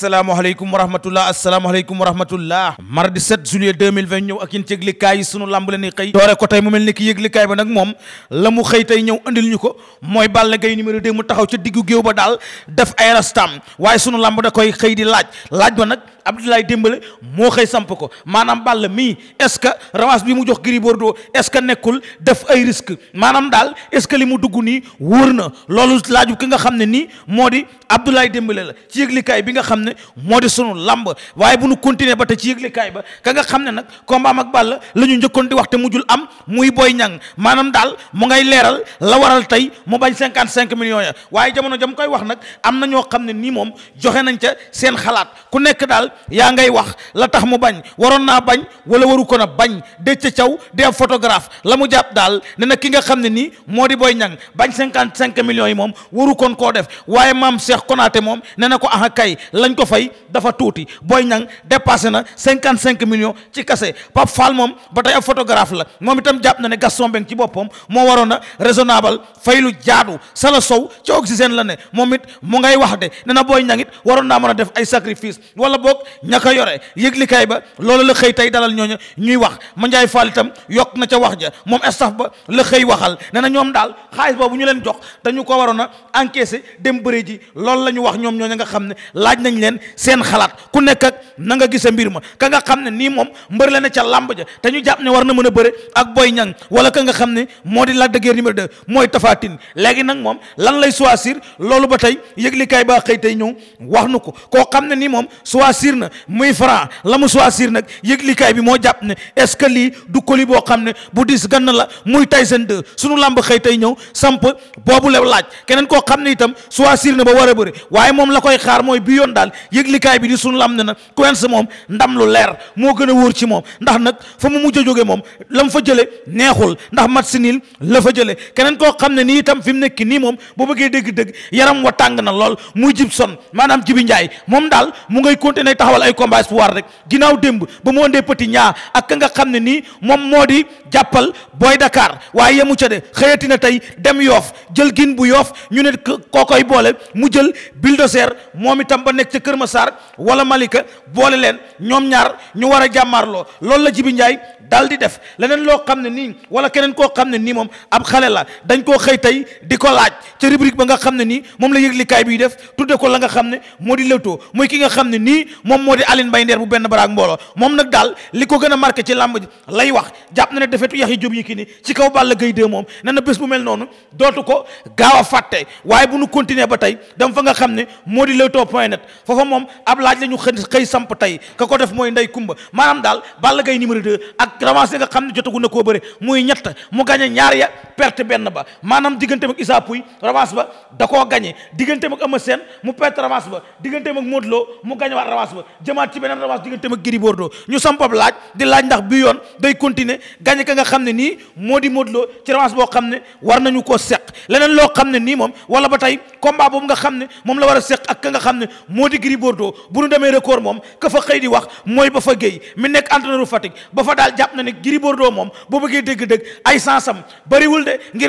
asalaamaaleykum wa rahmatullah asalaamaaleykum wa rahmatullah mardi 7 juillet 2020 ñëw ak yéen ci yëglikaay yi sunu lamb la ni xëy doore ko tey mu mel ni ki yëglikaay ba nag moom la mu xëy tey ñëw andil ñu ko mooy Balla Gaye numéro 2 mu taxaw ca diggu géew ba daal def ay rastam waaye sunu lamb da koy xëy di laaj laaj ba nag Abdoulaye démbale moo xëy samp ko maanaam Balla mii est-ce que revanche bi mu jox Gris Bordeaux est que nekkul def ay risque maanaam daal est-ce que li mu dugg nii wóor na loolu laaju ki nga xam ne nii moo di Abdoulaye Dembélé la ci yëglikaay bi nga xam ne moo di sunu lamb waaye bu nu continuer ba te ci yëglikaay ba ka nga xam ne nag combat am ak Balla la ñu njëkkoon di wax te jul am muy booy Niang maanaam daal mu ngay leeral la waral tey mu bañ cinquante cinq million ya waaye jamono jam koy wax nag am na ñoo xam ne nii moom joxe nañ ca seen xalaat ku nekk daal yaa ngay wax la tax mu bañ waroon naa bañ wala waru ko na bañ dëcc caw di la mu jàpp daal ne na ki nga xam ne nii moo di Boy Niang bañ cinquante cinq millions yi moom waru koon koo def waaye maam Cheikh konaate moom nee na ko ah kay lañ ko fay dafa tuuti booy Niang dépassé na cinquante cinq millions ci kase Pape Fall moom ba tey ab photographe la moom itam jàpp na ne Gaston Mbengue ci boppam moo waroon a raisonnable fay lu jaadu Sala Sow ci oxygène la ne moom it mu ngay wax de nee na Boy Niang it waroon naa mën a def ay sacrifice wala boog ñaka yore yëglikaay ba loolu la xëy tey dalal ñooñu ñuy wax Mandiaye Fall itam yokk na ca wax ja moom staff ba la xëy waxal nee na ñoom daal xaalis boobu ñu leen jox dañu ko waroon a encaisser dem bëri loolu la ñu wax ñoom ñooñu nga xam ne laaj nañ leen na nga gisa mbir ma nga xam ne nii moom mbër la ne ca làmb ja te ñu na mën a bëre ak Boy nga xam ne moo di Lac de Guiers numéro 2 mooy Tapha Tine léegi nag moom lan lay choisir loolu ba tey yëglikaay baa xëy tey ñëw wax nu ko koo xam ne nii moom choisir na muy Franc la mu choisir nag yëglikaay bi moo jàpp ne est-ce que lii du colis boo xam ne bu dis gann la muy seen 2 sunu làmb xëy tey ñëw samp boobu lew laaj keneen koo xam ne itam choisir na ba war bëre waaye moom la koy xaar mooy bi yoon daal yëglikaay bi di sunu lam ne na Quench moom ndam lu leer moo gën a wóor ci moom ndax nag fa mu mujj a jóge moom la mu fa jële neexul ndax mat si niil la fa jële keneen koo xam ne nii itam fi mu nekk nii moom bu bëggee dégg-dégg yaram wa tàng na lool muy jib son maanaam jibi njaay moom daal mu ngay continuer taxawal ay combat espoir rek ginnaaw démb ba mu andee petit ñaa ak ka nga xam ne nii moom moo di jàppal booy dakaar waaye yemu ca de xëyati na tey dem yoof jël gin bu yoof ñu ne koo jël bulldozer moom itam ba nekk ca Kër Masar wala Malika boole leen ñoom ñaar ñu war a jàmmaarloo loolu la Jibi Njaay daal di def leneen loo xam ne nii wala keneen koo xam ne nii moom ab xale la dañ koo xëy tey di ko laaj ca ba nga xam ne nii moom la yëglikaay biy def tudde ko la nga xam ne moo di Leewtoo muy ki nga xam ne nii moom moo di Aline bay Nder bu benn baraak mbooloo moom nag daal li ko gën a marqué ci làmb ji lay wax jàpp na ne defetu Yaxya Jóob Yékini ci kaw Balla Gaye 2 moom nee na bés bu mel noonu dootu ko gaaw a fàtte waaye bu ba tey dem fa nga xam ne moo di Leewtoo point net foofa moom ab laaj la ñu xë xëy samp tey ka ko def mooy ndey kumba maanaam daal Balla Gaye numéro 2 ak revanche nga xam ne jotagu na koo bëre muy ñett mu gagné ñaar ya perte benn ba maanaam diggante mag Issa Pouye ba da koo gagné diggante mag Eumeu mu perte revanche ba diggante mag Modou Lo mu gagné waat revanche ba jëmaat ci beneen revanche diggante mag Gris ñu samp ab laaj di laaj ndax bi yoon day continuer gagné ka nga xam ne nii moom wala ba ne moom la war a seq ak ka nga xam ne moo di Gris Bordeaux bu nu demee record moom ka fa xëy di wax mooy ba fa géey mi nekk entraîneur Fatick ba fa daal jàpp na ne Gris Bordeaux moom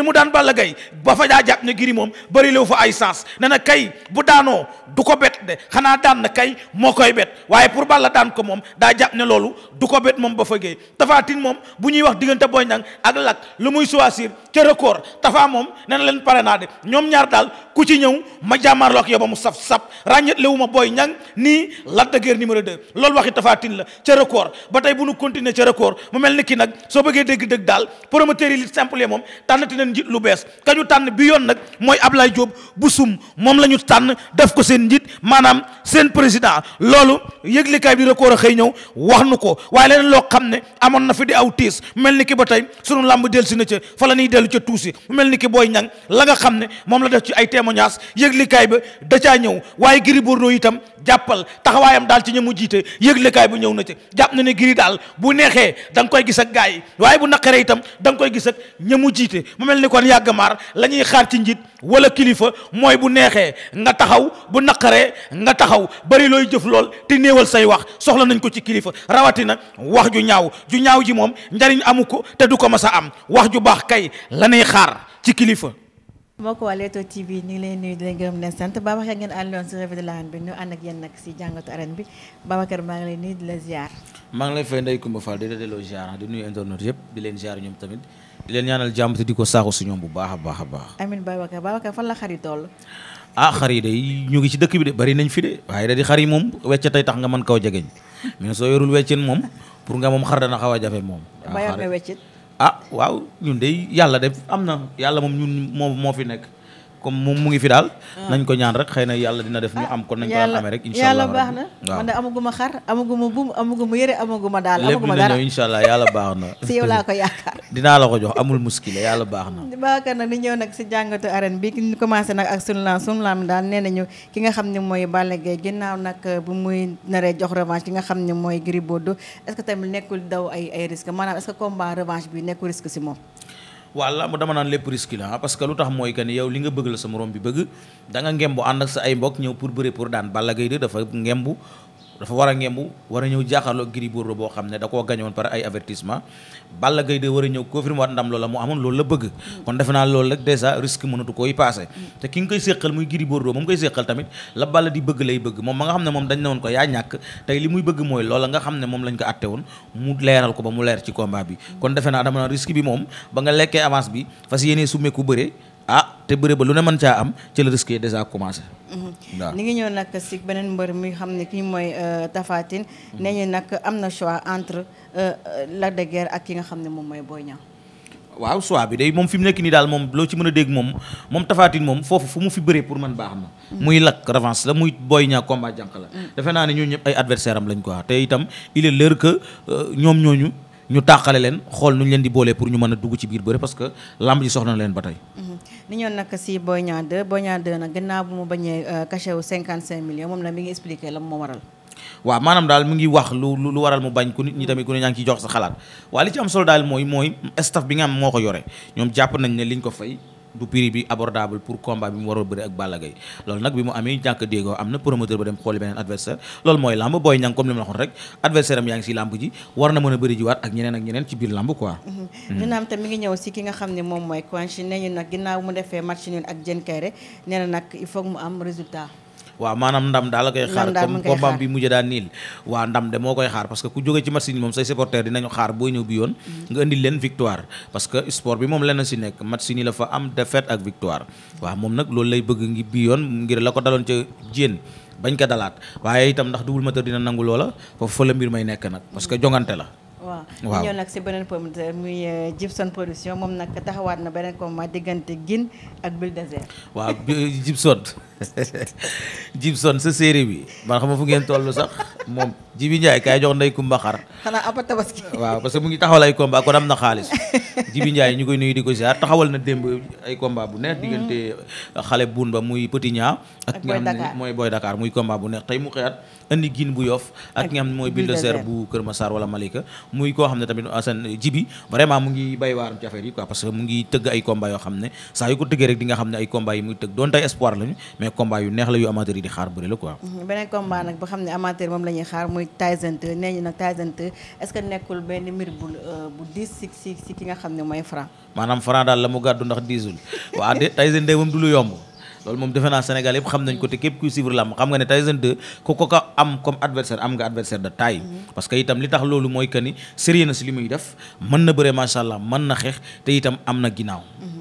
mu daan Balla Gaye ba fa daa jàpp ne Gris moom bëri lew fa ay sans ne na kay bu daanoo du ko bet de xanaa daan na kay moo koy bet waaye pour Balla daan ko moom daa jàpp ne loolu du ko bet moom ba fa géey tafaatin moom bu ñuy wax diggante Boy Niang ak Lac lu muy choisir ca record tafaa moom nee na leen pare naa de ñoom ñaar daal ku ci ñëw ma jàmm jàmmaarlook yow ba mu saf sap ràññet lewu ma booy ñang nii Lac de Guiers numéro 2 loolu waxi Tapha Tine la ca record ba tey bu nu continuer ca record mu mel ni ki nag soo bëggee dégg-dëgg daal promoteur yi li simple yi moom tànnati nañ njiit lu bees ka tànn bi yoon nag mooy Ablaye Diop bu sum moom la tànn def ko seen njiit maanaam seen président loolu yëglikaay bi record a xëy ñëw wax nu ko waaye leneen loo xam ne amoon na fi di aw tiis mel ni ki ba tey sunu la ñuy dellu ca tuusi mel ni ki booy ñang la da caa ñëw waaye Gris Bordeaux itam jàppal taxawaayam daal ci ña mu jiite yëglekaay bu ñëw na ci jàpp na ne Gris daal bu neexee danga koy gis ak gars yi waaye bu naqaree itam da nga koy gis ak ña jiite mu mel ni kon yàgg maar la ñuy xaar ci njiit wala kilifa mooy bu neexee nga taxaw bu naqaree nga taxaw bari looy jëf lool te néewal say wax soxla nañ ko ci kilifa rawatina wax ju ñaaw ju ñaaw ji moom njariñ amu ko te du ko mas a am wax ju baax kay la xaar ci kilifa moo ko waa Leewtoo TV ñu ngi leen nuyu di leen gërëm di leen sant Babacar ngeen àndoon si revue de l'arène bi ñu ànd ak yéen nag si jàngatu arène bi Babacar maa ngi lay nuyu di la ziar. maa ngi lay fay Ndeye Coumba Fall di la delloo ziar di nuyu internet yëpp di leen ziar ñoom tamit di leen ñaanal jàmm te di ko saaxu si ñoom bu baax a baax a baax. amiin Babacar Babacar fan la xar yi toll. ah xar yi de ñu ngi ci dëkk bi de bari nañ fi de waaye da di yi moom wecc tey tax nga mën kaw jegeñ mais soo yorul weccin moom pour nga moom xar xaw a moom. a ah, waaw ñun de yàlla def am na yàlla moom ñun moo moo fi nekk comme moom mu ngi fi daal. Ah. nañ ko ñaan rek xëy na yàlla dina def ñu ah, am kon nañ ko daan amee rek. incha allah yàlla baax na amaguma xar amaguma buum amaguma amaguma daal. amaguma dara lépp dina ñëw incha allah yàlla baax na. si yow laa ko yaakaar. dinaa la ko jox amul muskile yàlla baax na. baaka nag ni ñëw nag si jàngatu arène bi ñu commencé nag ak sunu laam sunu laam daal nee nañu ki nga xam ne mooy Balla Gaye ginnaaw nag bu muy naree jox revanche ki nga xam ne mooy Gris Bordeaux est-ce que tamit nekkul daw ay ay risque maanaam est-ce que combat revanche bi nekkul risque si moom waa mu dama naan lépp risque la parce que lu tax mooy que ni yow li nga bëgg la sa morom bi bëgg da nga ngembu ànd ak sa ay mbokk ñëw pour bëre pour daan Balla Gaye de dafa ngembu dafa war a ngembu war a ñëw jaaxaarloo Gris Bordeaux boo xam ne da koo gañoon par ay avertissement Balla Gaye de war a ñëw confirmer waat ndam loola mu amoon loolu la bëgg kon defe naa loolu rek déjà risque mënatu koy passé te ki nga koy séqal muy Gris Bordeaux moom koy séqal tamit la Balla di bëgg lay bëgg moom ma nga xam ne moom dañ ne woon ko yaa ñàkk tey li muy bëgg mooy loola nga xam ne moom lañ ko atte woon mu leeral ko ba mu leer ci combat bi kon defe naa dama risque bi moom ba nga lekkee avance bi fas yéenee summee ku bëree te bëre ba lu ne mën caa am ci risque déjà commencé. Mhm. ni ngi ñëw nag si beneen mbër mi xam ne kii mooy euh, Tapha Tine. Mhm. nee ñu nag am na choix entre euh, euh, la de ak ki nga xam ne moom mooy Boy Niang. waaw choix bi day moom fi mu nekk nii daal moom loo ci mën a dégg moom moom Tapha Tine moom foofu fu mu fi bëree pour man baax ma mhm. muy Lac revanche la muy Boy Niang combat jànq la. defe naa ne ñooñu ñëpp ay adversaire am lañ ko te itam il est l'heure que ñoom ñooñu. ñu tàqale leen xool nu leen di boolee pour ñu mën a dugg ci biir bëre parce que lamb ji soxla leen ba tey li ñoon nag si Boy Niang 2 Boy Niang 2 nag gannaaw bu mu bañee euh, cachet wu 55 millions moom la mi ngi expliqué la moo waral. waaw maanaam daal mu ngi wax lu lu waral mu bañ ku nit ñi tamit ku ne ñaa ngi jox sa xalaat waaye li ci am solo daal mooy mooy staff bi nga am moo ko yore ñoom jàpp nañ ne liñ ko fay. du prix bi abordable pour combat bi mu war a ak Balla Gaye loolu nag bi mu amee ñàkk déggoo am na promoteur ba dem xooli beneen adversaire loolu mooy lamb booy ñang comme li la waxoon rek adversaire yaa ngi si lamb ji war na mën a bëri jiwaat ak ñeneen ak ñeneen ci biir lamb quoi mhm. Mhm. dina am ngi ñëw si ki nga xam ne moom mooy Quench nee ñu nag ginnaaw mu defee match nul ak Diène Kairé nee na nag il faut mu am résultat waaw maanaam ndam daal la koy xaar comme combat bi mujj daan niil waaw ndam de moo koy xaar parce que ku jóge ci match yi moom say supporter dinañu xaar booy ñëw bi yoon mm-hmm. nga indi leen victoire parce que sport bi moom lenn si nekk match nii la fa am défaite ak victoire waaw moom nag loolu lay bëgg ngi bi yoon ngir la ko daloon ca jéen bañ ko dalaat waaye itam ndax double moteur dina nangu loola foofu fa la mbir may nekk nag parce que jongante la waaw waaw ñëw nag si beneen promoteur muy euh, Gibson production moom nag taxawaat na beneen combat diggante Guine ak Bulldozer. waaw Gibson Gibson sa série bi man xam fu ngeen toll sax moom Jibi Ndiaye kaay jox ndey Kumba xar. xanaa ab tabaski. waa parce que mu ngi taxawal ay combat kon am na xaalis Jibi Ndiaye ñu koy nuyu di ko ziar taxawal na démb ay combat bu neex. Mm. diggante xale buun ba muy Petit Ñaa. ak nga xam mooy Boy Dakar muy combat bu neex tey mu xëyaat. indi gin bu Yoff ak nga xam ne mooy bulldozer bu Kër Massar wala Malika muy koo xam ne tamit Assane euh, Jibi vraiment mu ngi bay waaram ci affaire yi quoi parce que mu ngi tëgg ay combat yoo xam ne saa yu ko tëggee rek di xam ne ay combat yi muy tëgg doon tay espoir lañu mais combat yu neex la amateur yi di xaar bëri la quoi mhm, beneen combat nag boo xam ne amateur moom la xaar muy Tyson 2 nee nag Tyson 2 est que nekkul benn mbir bu euh, loolu moom defe naa Sénégal yëpp xam nañ ko te képp kuy suivre làmb xam nga ne Tyson 2 ku ko ka am comme adversaire am nga adversaire de taille mm-hmm. parce que itam li tax loolu mooy que ni sérieux na si li muy def mën na bëre macha allah mën na xeex te itam am na ginnaaw mm-hmm.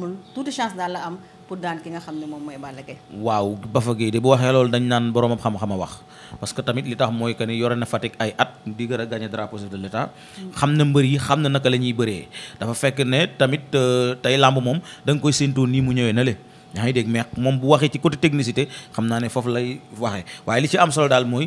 amul tuuti chance daal la am pour daan ki nga xam ne moom mooy Balla Gaye waaw Bafa de bu waxee loolu dañ naan borom xam-xama wax parce tamit li tax mooy que yore na Fatick ay at di gën a gagné drapeau chef de xam na mbër yi xam na naka la ñuy bëree dafa fekk ne tamit euh, tey làmb moom da koy séentoo nii mu ñëwee na le yaa dégg mais moom bu waxee ci côté technicité xam naa ne foofu lay waxee waaye li ci am solo daal mooy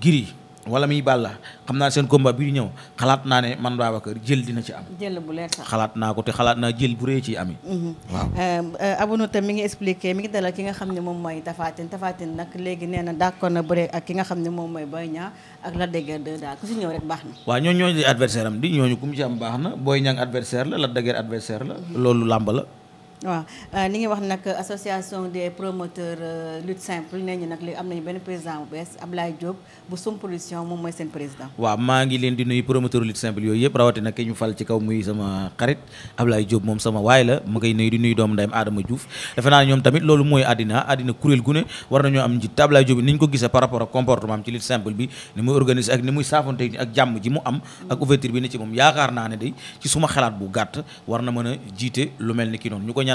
giri wala muy Balla xam naa seen combat bi di ñëw xalaat naa ne man kër jël dina ci am. jël bu leer sax xalaat naa ko te xalaat naa jël bu rëy ci ami mhm. waaw euh, euh, Abou tam mi ngi expliqué mi ngi dalal ki nga xam ne moom mooy Tapha Tine Tapha Tine léegi nee na d'accord na bëre ak ki nga xam ne moom mooy Boy Niang ak Lac de Guiers 2 daal ku si ñëw rek baax na. waaw ñooñu ñooñu di adversaire am di ñooñu ku mu ci am baax na Boy Niang adversaire la Lac de Guiers adversaire la. Mhm. loolu làmb la. waaw ni euh, nga wax nag association des promoteurs euh, lutte simple nee ñu nag léegi am nañu benn président bu bees Ablaye Diop bu sum production moom mooy seen président. waaw maa ngi leen di nuyu promoteur lutte simple yooyu yëpp rawatina ki ñu fal ci kaw muy sama xarit Ablaye Diop moom sama waay la ma ngay nuy di nuyu doom ndeyam Adama Diouf defe naa ñoom tamit loolu mooy àddina àddina kuréel gu ne war nañoo am njiit Ablaye Diop ni ñu ko gisee par rapport ak comportement ci lutte simple bi ji mu am. ak ouverture bi ne yaakaar naa ne day ci suma xalaat bu gàtt war na mën a jiite lu mel ni ki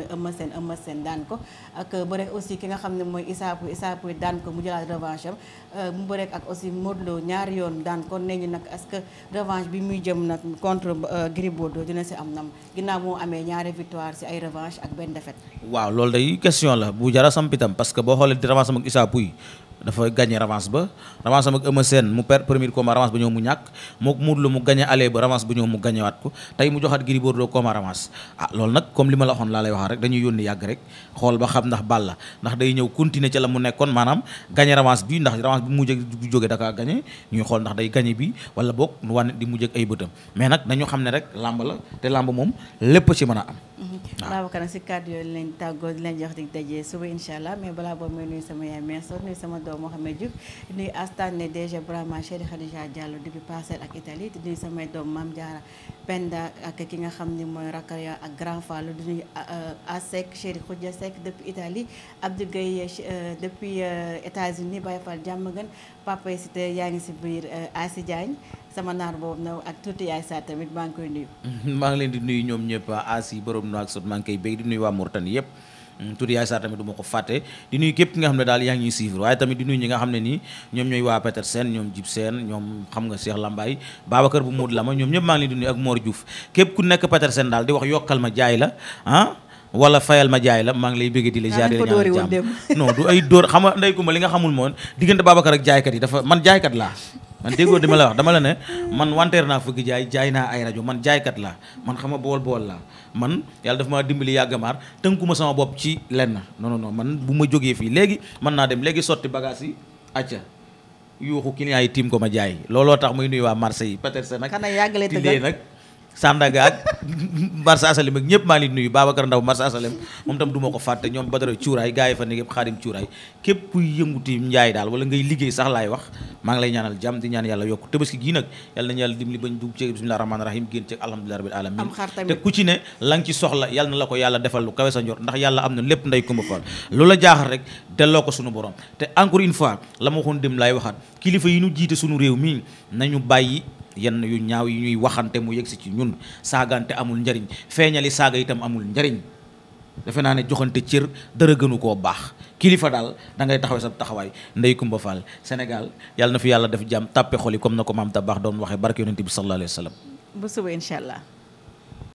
mooy Eumeu Sène Eumeu Sène daan ko ak bëreek aussi ki nga xam ne mooy Issa Pouye Issa daan ko mu jëlaat revanche am euh, mu bëreek ak aussi Modou ñaari yoon daan ko nee ñu nag est-ce revanche bi muy jëm nag contre euh, Gris Bordeaux dina si am nam ginnaaw moo amee ñaari victoire si ay revanche ak benn défaite waaw loolu day question la bu jara sampitam parce que boo xoolee revanche am ak Issa dafa gagné revanche ba revanche am ak Eumeu Sène mu ba ñëw mu ñàkk mu Modou mu gagné aller ba revanche ba ñëw mu gagné ko tey mu joxaat Gris Bordeaux combat revanche ah loolu nag comme li ma la waxoon laa lay waxaat rek dañuy yónni yàgg rek xool ba xam ndax Balla ndax day ñëw continuer ca la mu nekkoon maanaam gagné revanche bi ndax revanche bi mu mujj ak jóge daka gagné ñuy xool ndax day gagné bi wala boog nu wànne di mujj ak ay bëtam mais nag nañu xam ne rek làmb la te làmb a Maodo Mouhamed Diouf di nuyu Astane DG Brahma Chéri Khadija Diallo depuis Parcelles ak Italie di nuyu samay doom Mame Diarra Penda ak ki nga xam ni mooy Rakaria ak Grand Fallou di nuyu euh, Asek Chéri Khoudia Seck depuis Italie Abdou euh, euh, depuis États-Unis Baye Fall Diamaguène Papa Cité yaa ngi si biir Asi Diagne sama naar boobu nag ak tuuti yaay saa tamit maa ngi koy nuyu. maa ngi leen di nuyu ñoom ñëpp Asi borom noo ak sot maa ngi koy béy di nuyu waa Mourtani yëpp. Mm, tur yaay Sarr tamit du ma ko fàtte di nuyu képp nga xam ne daal yaa ngi ñuy suivre waaye tamit di nuyu ñi nga xam ne nii ñoom ñooy waa Peter Sène ñoom Jib Sène ñoom xam nga Cheikh Lambaye Babacar bu Mood Lama ñoom ñëpp maa ngi leen di di ma jaay la ah wala fayal ma jaay la maa ngi lay bëggee di la du ay dóor xam ndey Kumba li nga xamul moon diggante Babacar ak jaaykat yi dafa man jaaykat laa man déggoo dama la wax dama la ne man wanteer naa fukki jaay jaay naa ay rajo man jaaykat laa man xama bool bool laa man yàlla dafa maa dimbali yàggamaar tënkuma sama bopp ci lenn non non man bu ma jógee fii léegi mën naa dem léegi sotti bagaas yi acca yuuxu client yi tiim ko ma jaay looloo tax muy nuyu waa marché yi peut-être nag. xanaa yàggalee tëggal nag. Sandaga ak Marsa Asalem ak ñëpp maa ngi nuyu Babacar Ndaw Marsa Asalem moom tam du ma ko fàtte ñoom Badara Cuuraay gars yi fa nekk yëpp xaadim Cuuraay képp kuy yënguti njaay daal wala ngay liggéey sax laay wax maa ngi lay ñaanal jàmm di ñaan yàlla yokk tabaski gii nag yàlla nañu yàlla dimbali bañ dugg ci bismillah rahmaani rahim génn ci alhamdulilah rabbil alamin te ku ci ne la nga ci soxla yàlla ko yàlla defal lu kawe sa njor ndax yàlla am na lépp nday kumba faal lu la jaaxal rek delloo ko sunu borom te encore une la ma waxoon dem laay waxaat kilifa yi ñu jiite sunu réew mi nañu bàyyi yenn yu ñaaw yi ñuy waxante mu yegsi ci ñun saagante amul njariñ feeñali saaga itam amul njariñ defe naa ne joxante cër dara gënu koo baax kilifa daal da ngay taxawee sa taxawaay ndey Kumba Fall Sénégal yàlla na fi yàlla def jàmm tàppe xol comme na ko maam ta baax doon waxee barke yonent bi sallallahu alayhi wa sallam.